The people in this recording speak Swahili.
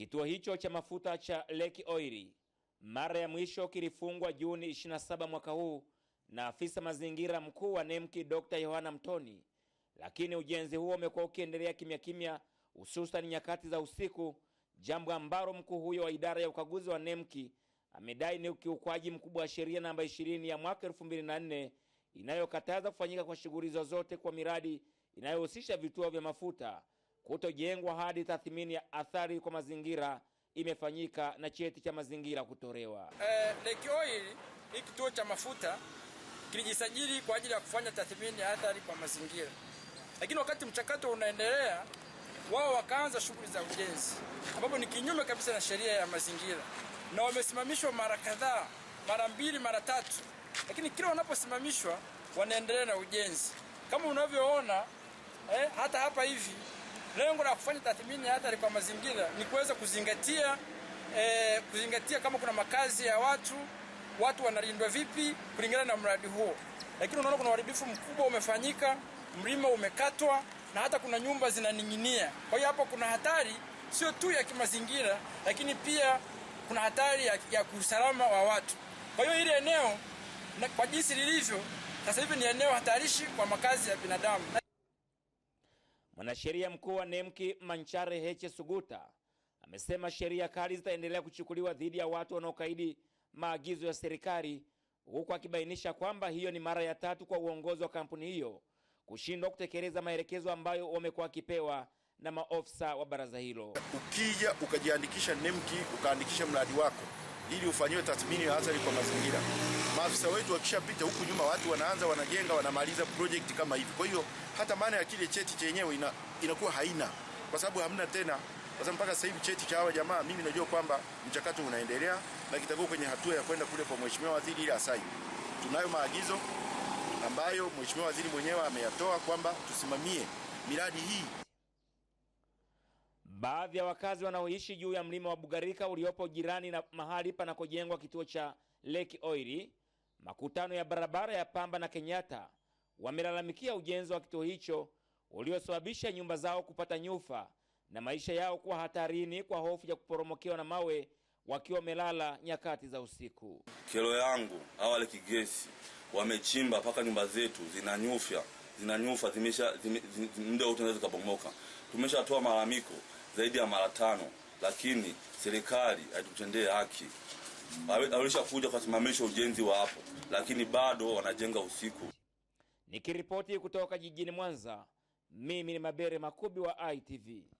Kituo hicho cha mafuta cha Lake Oil mara ya mwisho kilifungwa Juni 27 mwaka huu na afisa mazingira mkuu wa NEMC Dr. Yohana Mtoni, lakini ujenzi huo umekuwa ukiendelea kimya kimya, hususan nyakati za usiku, jambo ambalo mkuu huyo wa idara ya ukaguzi wa NEMC amedai ni ukiukwaji mkubwa wa sheria namba 20 ya mwaka 2004 inayokataza kufanyika kwa shughuli zozote kwa miradi inayohusisha vituo vya mafuta kutojengwa hadi tathmini ya athari kwa mazingira imefanyika na cheti cha mazingira kutolewa. Eh, Lake Oil ni kituo cha mafuta kilijisajili kwa ajili ya kufanya tathmini ya athari kwa mazingira, lakini wakati mchakato unaendelea, wao wakaanza shughuli za ujenzi ambapo ni kinyume kabisa na sheria ya mazingira, na wamesimamishwa mara kadhaa, mara mbili, mara tatu, lakini kila wanaposimamishwa wanaendelea na ujenzi kama unavyoona eh, hata hapa hivi Lengo la kufanya tathmini ya athari kwa mazingira ni kuweza kuzingatia e, kuzingatia kama kuna makazi ya watu, watu wanalindwa vipi kulingana na mradi huo. Lakini unaona kuna uharibifu mkubwa umefanyika, mlima umekatwa na hata kuna nyumba zinaning'inia. Kwa hiyo hapo kuna hatari sio tu ya kimazingira, lakini pia kuna hatari ya, ya kusalama wa watu. Kwa hiyo hili eneo na kwa jinsi lilivyo sasa hivi ni eneo hatarishi kwa makazi ya binadamu. Mwanasheria mkuu wa nemki Manchare Heche Suguta amesema sheria kali zitaendelea kuchukuliwa dhidi ya watu wanaokaidi maagizo ya serikali, huku akibainisha kwamba hiyo ni mara ya tatu kwa uongozi wa kampuni hiyo kushindwa kutekeleza maelekezo ambayo wamekuwa wakipewa na maofisa wa baraza hilo. Ukija ukajiandikisha nemki ukaandikisha mradi wako ili ufanyiwe tathmini ya athari kwa mazingira. Maafisa wetu wakishapita huku nyuma, watu wanaanza wanajenga, wanamaliza project kama hivi. Kwa hiyo hata maana ya kile cheti chenyewe ina, inakuwa haina, kwa sababu hamna tena, kwa sababu mpaka sasa hivi cheti cha hawa jamaa, mimi najua kwamba mchakato unaendelea na kitakuwa kwenye hatua ya kwenda kule kwa mheshimiwa waziri ili asai Tunayo maagizo ambayo mheshimiwa waziri mwenyewe ameyatoa kwamba tusimamie miradi hii. Baadhi ya wakazi wanaoishi juu ya mlima wa Bugarika uliopo jirani na mahali panakojengwa kituo cha Lake Oiri, makutano ya barabara ya Pamba na Kenyatta, wamelalamikia ujenzi wa kituo hicho uliosababisha nyumba zao kupata nyufa na maisha yao kuwa hatarini kwa hofu ya kuporomokewa na mawe wakiwa wamelala nyakati za usiku. Kero yangu hawa wale Gesi wamechimba mpaka nyumba zetu zinanyufya zinanyufa, zimesha muda wote unaweza kubomoka. Tumeshatoa malalamiko zaidi ya mara tano, lakini serikali haitutendee haki. kuja kusimamisha ujenzi wa hapo, lakini bado wanajenga usiku. Nikiripoti kutoka jijini Mwanza, mimi ni Mabere Makubi wa ITV.